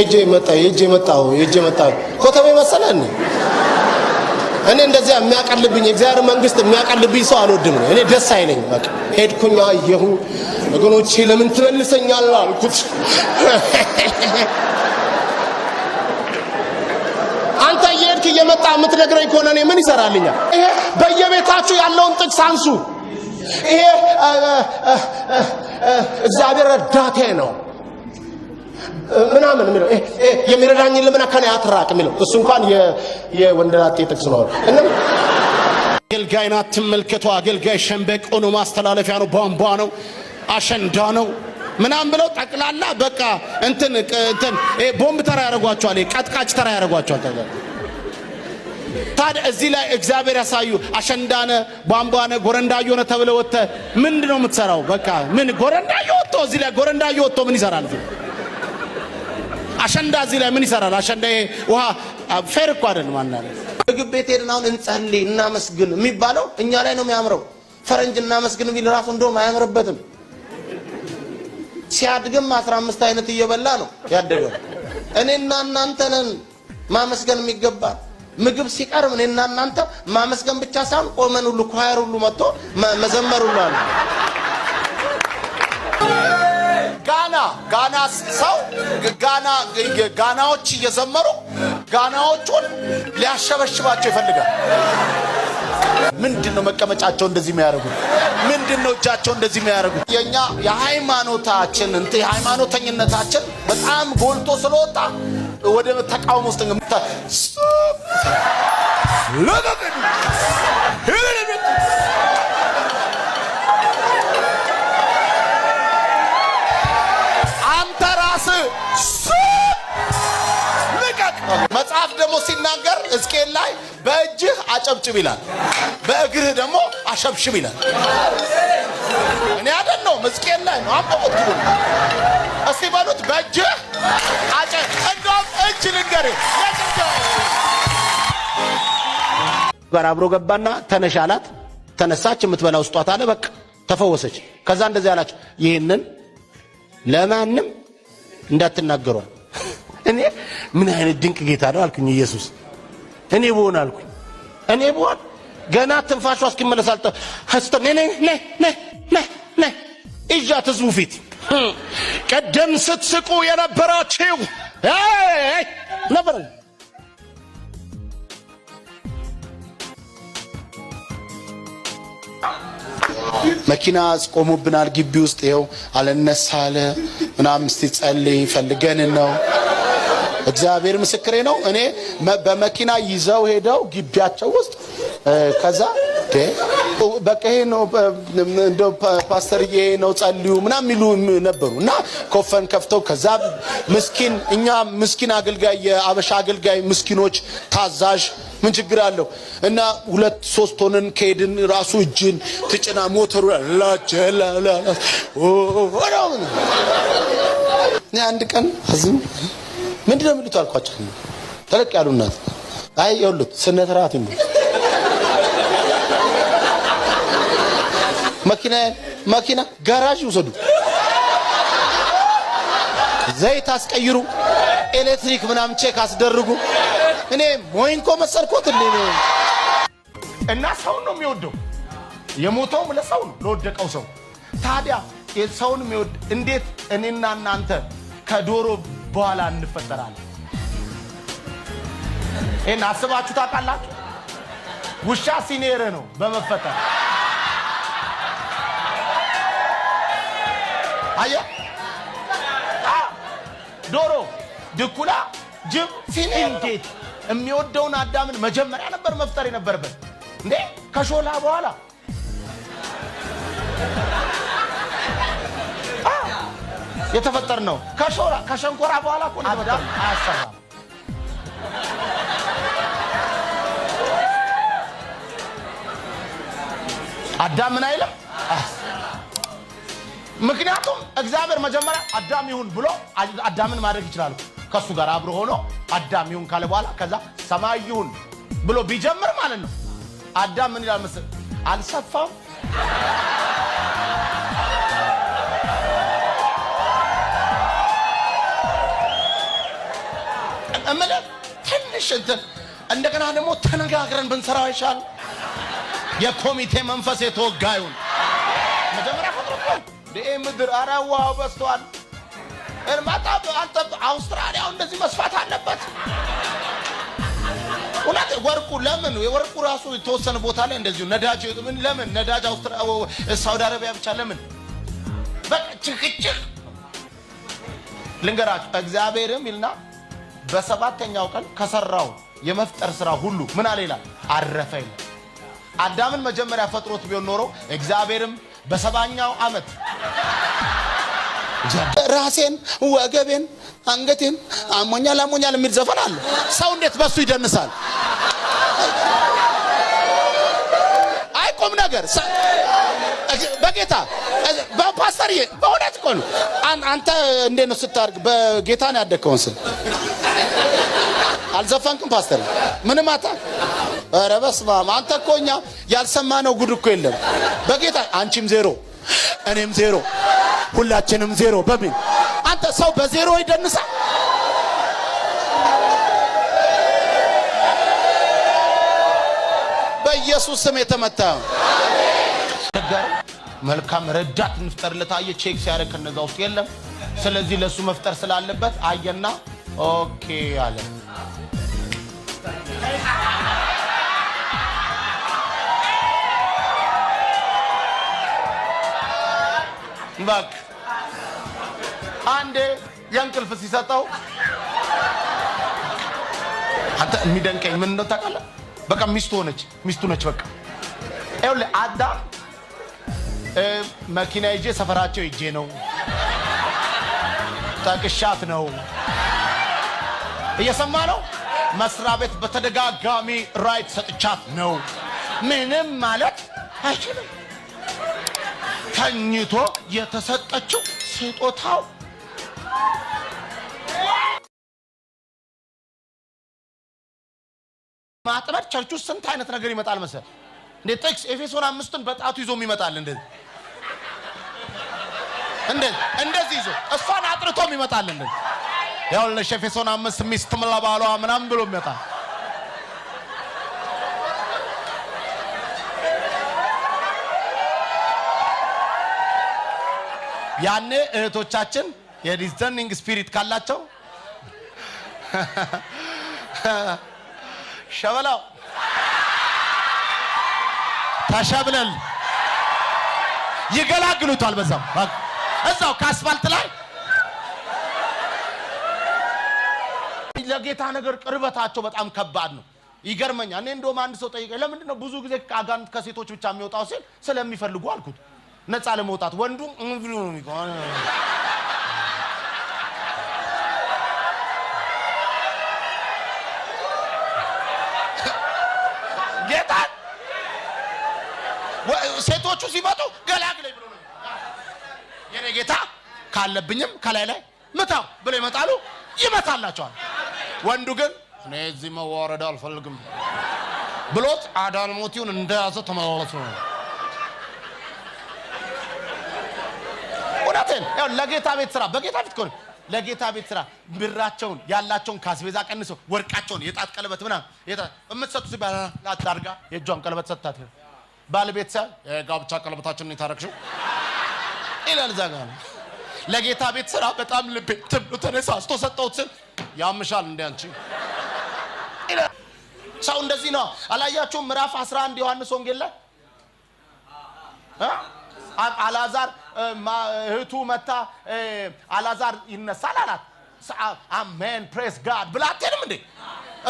እጄ መጣ እጄ መጣ እጄ መጣ ኮተቤ መሰለ እንዴ? እኔ እንደዚያ የሚያቀልብኝ እግዚአብሔር መንግስት የሚያቀልብኝ ሰው አልወድም ነው። እኔ ደስ አይለኝ። በቃ ሄድኩኝ፣ አየሁ። ወገኖቼ ለምን ትመልሰኛል አልኩት። አንተ እየሄድክ እየመጣ የምትነግረኝ ከሆነ እኔ ምን ይሰራልኛል? ይሄ በየቤታችሁ ያለውን ጥቅስ አንሱ። ይሄ እግዚአብሔር ረዳቴ ነው ምናምን የሚለው የሚረዳኝ ልመና ከኔ አትራቅ የሚለው እሱ እንኳን የወንደላጤ ጥቅስ ነው። አገልጋይን አትመልከቱ። አገልጋይ ሸንበቆ ነው፣ ማስተላለፊያ ነው፣ ቧንቧ ነው፣ አሸንዳ ነው ምናምን ብለው ጠቅላላ በቃ እንትን እንትን ቦምብ ተራ ያደርጓቸዋል፣ ቀጥቃጭ ተራ ያደርጓቸዋል። ታዲያ እዚህ ላይ እግዚአብሔር ያሳዩ አሸንዳነ ቧንቧነ ጎረንዳዮ ነ ተብለ ወጥተ ነው የምትሰራው? በቃ ምን ጎረንዳዮ ወጥቶ እዚህ ላይ ጎረንዳዮ ወጥቶ ምን ይሰራል? አሸንዳ እዚህ ላይ ምን ይሰራል? አሸንዳ ውሃ ፌር እኮ አይደለም። አናለ ምግብ ቤት ሄድን አሁን እንጸልይ እናመስግን የሚባለው እኛ ላይ ነው የሚያምረው። ፈረንጅ እናመስግን የሚል ራሱ እንደውም አያምርበትም። ሲያድግም አስራ አምስት አይነት እየበላ ነው ያደገው። እኔና እናንተ ነን ማመስገን የሚገባ ምግብ ሲቀርብ እኔና እናንተ ማመስገን ብቻ ሳይሆን ቆመን ሁሉ ኳየር ሁሉ መጥቶ መዘመር ሁሉ አለ። ጋና ጋና ሰው ጋና ጋናዎች እየዘመሩ ጋናዎቹን ሊያሸበሽባቸው ይፈልጋል። ምንድን ነው መቀመጫቸው እንደዚህ የሚያደርጉት? ምንድን ነው እጃቸው እንደዚህ የሚያደርጉ? የእኛ የሃይማኖታችን እንት የሃይማኖተኝነታችን በጣም ጎልቶ ስለወጣ ወደ ተቃውሞ ውስጥ ሕዝቅኤል ላይ በእጅህ አጨብጭብ ይላል፣ በእግርህ ደግሞ አሸብሽብ ይላል። እኔ አደን ነው ሕዝቅኤል ላይ ነው። አንበቡት። ግቡ። እስቲ በሉት በእጅህ አጨ እንደውም እጅ ልንገር ጋር አብሮ ገባና ተነሽ አላት። ተነሳች፣ የምትበላ ውስጧት አለ። በቃ ተፈወሰች። ከዛ እንደዚህ አላቸው፣ ይህንን ለማንም እንዳትናገሯል። እኔ ምን አይነት ድንቅ ጌታ ነው አልኩኝ ኢየሱስ እኔ ብሆን አልኩኝ። እኔ ብሆን ገና ትንፋሿ እስኪመለስ አልጠ ስተር እዣት ህዝቡ ፊት ቀደም ስትስቁ የነበራችሁ ነበር መኪና አስቆሙብናል። ግቢ ውስጥ ይኸው አልነሳለ ምናምን። እስቲ ጸልይ ፈልገን ነው እግዚአብሔር ምስክሬ ነው። እኔ በመኪና ይዘው ሄደው ግቢያቸው ውስጥ ከዛ በቃ ይሄ ነው እንደ ፓስተር ይሄ ነው ጸልዩ ምናም የሚሉ ነበሩ። እና ኮፈን ከፍተው ከዛ ምስኪን እኛ ምስኪን አገልጋይ የአበሻ አገልጋይ ምስኪኖች ታዛዥ ምን ችግር አለው? እና ሁለት ሶስት ሆነን ከሄድን ራሱ እጅን ትጭና ሞተሩ ላቸላላ አንድ ቀን ምንድን ነው የሚሉት አልኳቸው። ተለቅ ያሉ እናት አይ የሉት ስነ ስርዓት ይሉ መኪና መኪና ጋራዥ ይውሰዱ፣ ዘይት አስቀይሩ፣ ኤሌክትሪክ ምናምን ቼክ አስደርጉ። እኔ ሞይንኮ መሰልኮት እንዴ እና ሰውን ነው የሚወደው። የሞተውም ለሰው ነው ለወደቀው ሰው። ታዲያ ሰውን የሚወድ እንዴት እኔና እናንተ ከዶሮ በኋላ እንፈጠራለን። ይህን አስባችሁ ታውቃላችሁ? ውሻ ሲኔር ነው በመፈጠር አየ ዶሮ፣ ድኩላ፣ ጅብ ሲኔር እንዴት የሚወደውን አዳምን መጀመሪያ ነበር መፍጠር የነበረበት እንዴ ከሾላ በኋላ የተፈጠር ነው። ከሸንኮራ በኋላ እኮ አዳም አያሰራም። አዳም ምን አይልም። ምክንያቱም እግዚአብሔር መጀመሪያ አዳም ይሁን ብሎ አዳምን ማድረግ ይችላሉ። ከእሱ ጋር አብሮ ሆኖ አዳም ይሁን ካለ በኋላ ከዛ ሰማይ ይሁን ብሎ ቢጀምር ማለት ነው። አዳም ምን ይላል መሰለህ? አልሰፋም እምልህ ትንሽ እንትን እንደገና ደግሞ ተነጋግረን ብንሰራው ይሻል። የኮሚቴ መንፈስ የተወጋዩን መጀመሪያ ቁጥር ምድር እርማታ አውስትራሊያው እንደዚህ መስፋት አለበት። እውነት ወርቁ ለምን የወርቁ ራሱ የተወሰነ ቦታ ላይ እንደዚሁ ነዳጅ ለምን ነዳጅ ሳውዲ አረቢያ ብቻ ለምን በቃ ልንገራችሁ እግዚአብሔርም ይልና በሰባተኛው ቀን ከሰራው የመፍጠር ስራ ሁሉ ምን አለ ይላል አረፈ ይላል። አዳምን መጀመሪያ ፈጥሮት ቢሆን ኖሮ እግዚአብሔርም በሰባኛው ዓመት ራሴን ወገቤን አንገቴን አሞኛል አሞኛል የሚል ዘፈን አለ። ሰው እንዴት በሱ ይደንሳል? አይቆም ነገር በጌታ በፓስተር በእውነት እኮ ነው። አንተ እንዴት ነው ስታደርግ? በጌታ ነው ያደግከውን ስል አልዘፈንክም ፓስተር ምንም አታ ኧረ በስመ አብ አንተ እኮ እኛ ያልሰማነው ጉድ እኮ የለም በጌታ አንቺም ዜሮ እኔም ዜሮ ሁላችንም ዜሮ በሚል አንተ ሰው በዜሮ ይደንሳ በኢየሱስ ስም የተመታ መልካም ረዳት እንፍጠርለት። አየህ ቼክ ሲያደርግ ከነዛ ውስጥ የለም። ስለዚህ ለእሱ መፍጠር ስላለበት አየና ኦኬ አለ። እባክህ አንዴ የእንቅልፍ ሲሰጠው አንተ የሚደንቀኝ ምን እንደው ታውቃለህ? በቃ ሚስቱ ሆነች፣ ሚስቱ ነች። በቃ ይኸውልህ አዳም መኪና ይዤ ሰፈራቸው ይዤ ነው ጠቅሻት ነው። እየሰማ ነው። መስሪያ ቤት በተደጋጋሚ ራይት ሰጥቻት ነው። ምንም ማለት አይችልም። ተኝቶ የተሰጠችው ስጦታው ማጥመድ ቸርች ውስጥ ስንት አይነት ነገር ይመጣል መሰል እንዴ ጥቅስ ኤፌሶን አምስትን በጣቱ ይዞ ይመጣል። እንደዚህ እንደዚህ ይዞ እሷን አጥርቶም ይመጣል። እንደዚህ ያው ኤፌሶን አምስት ሚስት ለባሏ ምናምን ብሎ ይመጣል። ያኔ እህቶቻችን የዲዘርኒንግ ስፒሪት ካላቸው ሸበላው ተሸብለል ይገላግሉታል። በዛው እዛው ከአስፋልት ላይ ለጌታ ነገር ቅርበታቸው በጣም ከባድ ነው። ይገርመኛል። እኔ እንደውም አንድ ሰው ጠይቀ ለምንድን ነው ብዙ ጊዜ አጋንንት ከሴቶች ብቻ የሚወጣው ሲል ስለሚፈልጉ አልኩት። ነፃ ለመውጣት ወንዱም ብሎ ነው ጌታ ሴቶቹ ሲመጡ ገላግለኝ ብሎ ነው። የኔ ጌታ ካለብኝም ከላይ ላይ ምታው ብሎ ይመጣሉ፣ ይመታላቸዋል። ወንዱ ግን እኔ እዚህ መዋረድ አልፈልግም ብሎት አዳልሞቲውን እንደያዘ ተመላለሱ ነው። እውነቴን ለጌታ ቤት ስራ በጌታ ፊት ከሆነ ለጌታ ቤት ስራ ብራቸውን ያላቸውን ካስቤዛ ቀንሰው ወርቃቸውን የጣት ቀለበት ምና የምትሰጡ ሲባል አድርጋ የእጇን ቀለበት ሰጥታት ባለቤት ሳይ የጋብቻ ቀለበታችንን የታረግሽው ይላል። እዛ ጋር ለጌታ ቤት ስራ በጣም ልቤ ትብ ተነሳስቶ ሰጠሁት ስል ያምሻል እንደ አንቺ ሰው እንደዚህ ነው። አላያችሁም? ምዕራፍ 11 ዮሐንስ ወንጌል ላይ አላዛር እህቱ መታ አላዛር ይነሳል አላት። አሜን ፕሬስ ጋድ ብላ አትሄድም እንዴ?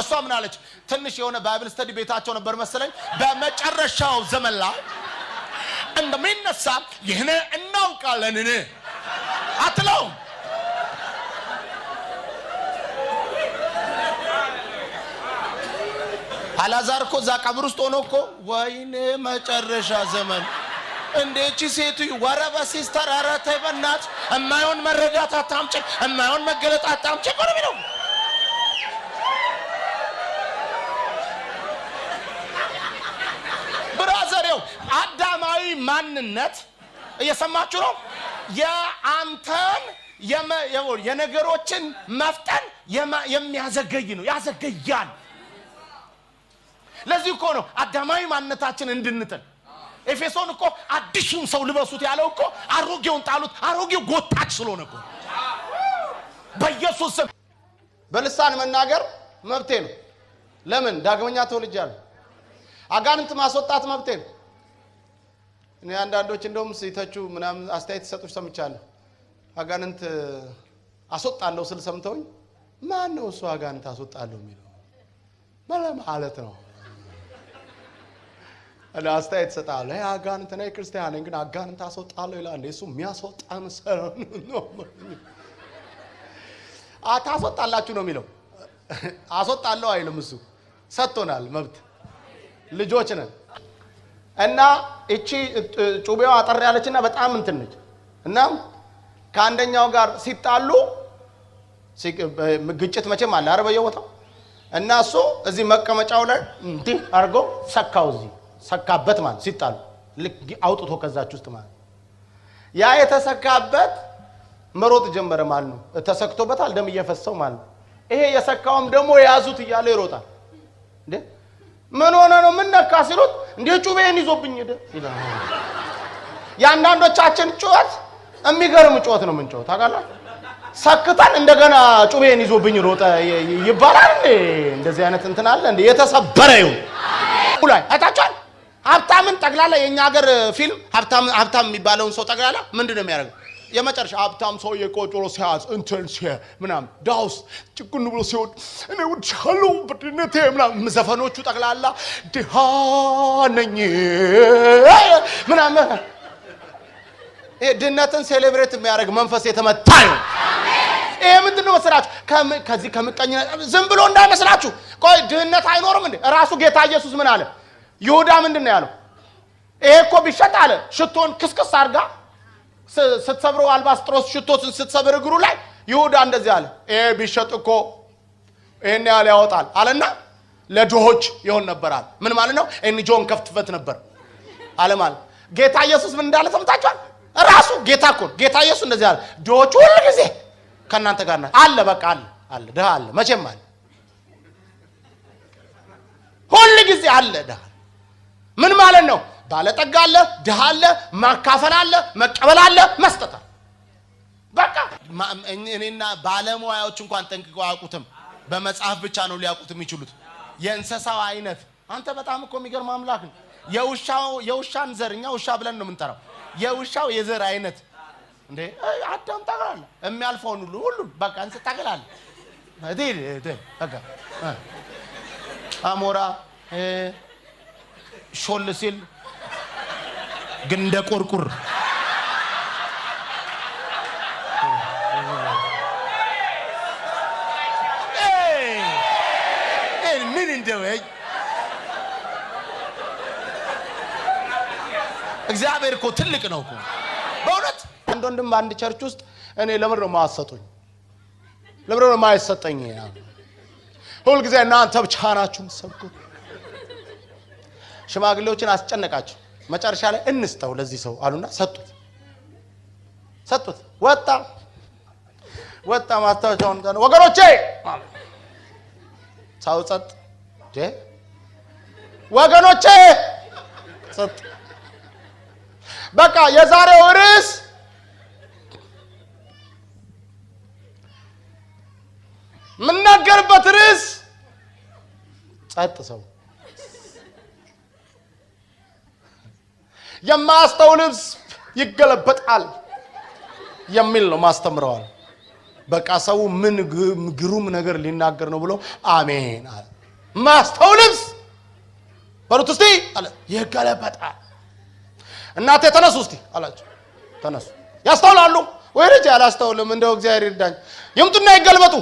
እሷ ምን አለች? ትንሽ የሆነ ባይብል ስተዲ ቤታቸው ነበር መሰለኝ። በመጨረሻው ዘመን ላይ እንደሚነሳ ይህን እናውቃለንን አትለውም። አላዛር እኮ እዛ ቀብር ውስጥ ሆኖ እኮ ወይኔ መጨረሻ ዘመን እንዴቺ ሴትዮ ወረበ ሲስተር፣ ኧረ ተይ በእናትሽ እማይሆን መረዳት አታምጪ፣ እማይሆን መገለጥ አታምጪ። ቆርቢ ነው ብራዘሬው። አዳማዊ ማንነት እየሰማችሁ ነው። የአንተን የነገሮችን መፍጠን የሚያዘገይ ነው፣ ያዘገያል። ለዚህ እኮ ነው አዳማዊ ማንነታችን እንድንጥል ኤፌሶን እኮ አዲሱን ሰው ልበሱት ያለው እኮ አሮጌውን ጣሉት፣ አሮጌው ጎታች ስለሆነ እኮ። በኢየሱስ ስም በልሳን መናገር መብቴ ነው። ለምን ዳግመኛ ተወልጃለሁ። አጋንንት ማስወጣት መብቴ ነው። እኔ አንዳንዶች እንደውም ሲተቹ ምናምን አስተያየት ሲሰጡ ሰምቻለሁ። አጋንንት አስወጣለሁ ስል ሰምተውኝ ማን ነው እሱ አጋንንት አስወጣለሁ የሚለው ማለት ነው አስተያየት ሰጣለሁ። አጋንንት እኔ ክርስቲያን ነኝ ግን አጋንንት አስወጣለሁ ይላል። እሱ የሚያስወጣ መሰረኑ ነው። ታስወጣላችሁ ነው የሚለው። አስወጣለሁ አይልም። እሱ ሰጥቶናል መብት፣ ልጆች ነን እና እቺ ጩቤዋ አጠር ያለችና በጣም እንትን ነች እና ከአንደኛው ጋር ሲጣሉ ግጭት መቼም አለ አረበየ በየቦታው እና እሱ እዚህ መቀመጫው ላይ እንዲህ አድርጎ ሰካው እዚህ ሰካበት ማለት ሲጣሉ አውጥቶ ከዛች ውስጥ ማለት ያ የተሰካበት መሮጥ ጀመረ ማለት ነው። ተሰክቶበታል፣ ደም እየፈሰው ማለት ነው። ይሄ የሰካውም ደግሞ የያዙት እያለ ይሮጣል። እንዴ ምን ሆነ ነው ምን ነካ ሲሉት፣ እንዴ ጩቤን ይዞብኝ ደ የአንዳንዶቻችን ጩኸት የሚገርም ጩኸት ነው። ምን ጩኸት ታውቃላችሁ? ሰክተን እንደገና ጩቤን ይዞብኝ ሮጠ ይባላል። እንደዚህ አይነት እንትን አለ። እንደ የተሰበረ ይሁን ላይ አይታችሁ ሀብታምን ጠቅላላ የእኛ ሀገር ፊልም ሀብታም የሚባለውን ሰው ጠቅላላ ምንድን ነው የሚያደርገው? የመጨረሻ ሀብታም ሰው ቆጮሮ ሲያዝ እንትን ምናምን ዳውስ ጭቁን ብሎ ሲወድ እኔ ውድሻለሁ ብድነቴ ምናምን ዘፈኖቹ ጠቅላላ ድሃነኝ ነኝ ምናምን ድነትን ሴሌብሬት የሚያደርግ መንፈስ የተመታ ነው። ይሄ ምንድን ነው መስላችሁ? ከዚህ ከምቀኝነት ዝም ብሎ እንዳይመስላችሁ። ቆይ ድህነት አይኖርም እንዴ? ራሱ ጌታ ኢየሱስ ምን አለ? ይሁዳ ምንድን ነው ያለው? ይሄ እኮ ቢሸጥ አለ ሽቶን ክስክስ አድርጋ ስትሰብረው አልባስጥሮስ ሽቶትን ስትሰብር እግሩ ላይ ይሁዳ እንደዚህ አለ፣ ይሄ ቢሸጥ እኮ ይህን ያህል ያወጣል አለና ለድሆች ይሆን ነበር አለ። ምን ማለት ነው? ይህን ጆን ከፍትፈት ነበር አለ ማለት ጌታ ኢየሱስ ምን እንዳለ ሰምታችኋል? ራሱ ጌታ እኮ ጌታ ኢየሱስ እንደዚህ አለ፣ ድሆች ሁል ጊዜ ከእናንተ ጋር ናቸው አለ። በቃ አለ አለ ድሃ አለ መቼም አለ ሁሉ ጊዜ አለ ድሃ ምን ማለት ነው? ባለጠጋ አለ፣ ድሃ አለ፣ ማካፈል አለ፣ መቀበል አለ፣ መስጠት አለ። በቃ እኔና ባለሙያዎች እንኳን ጠንቅቀው አያውቁትም። በመጽሐፍ ብቻ ነው ሊያውቁት የሚችሉት። የእንስሳው አይነት አንተ በጣም እኮ የሚገርም አምላክ ነው። የውሻን ዘር እኛ ውሻ ብለን ነው የምንጠራው። የውሻው የዘር አይነት እንዴ አዳም የሚያልፈውን ሁሉ ሁሉ በቃ እንስ ታገላለህ። አሞራ ሾል ሲል ግን እንደ ቁርቁር ምን እንደው እግዚአብሔር እኮ ትልቅ ነው እኮ በእውነት። አንድ ወንድም በአንድ ቸርች ውስጥ እኔ ለምድ ነው ማሰጡኝ ለምድ ነው የማያሰጠኝ? ሁልጊዜ እናንተ ብቻ ናችሁ የምትሰብኩት ሽማግሌዎችን አስጨነቃቸው። መጨረሻ ላይ እንስጠው ለዚህ ሰው አሉና ሰጡት። ሰጡት። ወጣ ወጣ። ማስታወሻውን ጋር ወገኖቼ ሰው ጸጥ ወገኖቼ ጸጥ። በቃ የዛሬው ርዕስ የምናገርበት ርዕስ ጸጥ ሰው የማስተው ልብስ ይገለበጣል የሚል ነው ማስተምረዋል። በቃ ሰው ምን ግሩም ነገር ሊናገር ነው ብሎ አሜን አለ። ማስተው ልብስ በሉት እስቲ አለ ይገለበጣል። እናቴ ተነሱ እስቲ አላቸው። ተነሱ ያስተውላሉ ወይ ልጅ? አላስተውልም። እንደው እግዚአብሔር ይርዳኝ። ይምጡና ይገልበጡ።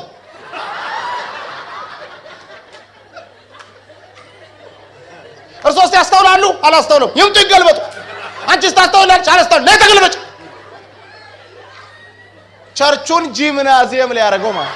እርሶስ ያስተውላሉ? አላስተውልም። ይምጡ ይገልበጡ። አንቺ ታስተውላለች አላስተውል ላይ ተገልበጭ ቸርቹን ጂምናዚየም ላይ ያደረገው ማለት